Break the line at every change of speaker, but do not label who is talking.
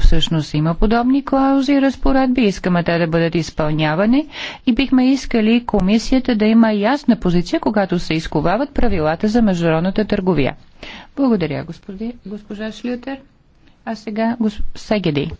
всъщност има подобни клаузи и разпоредби, искаме те да бъдат изпълнявани и бихме искали комисията да има ясна позиция, когато се изковават правилата за международната търговия. Благодаря, господи, госпожа Шлютер. А сега госп... Сегеди.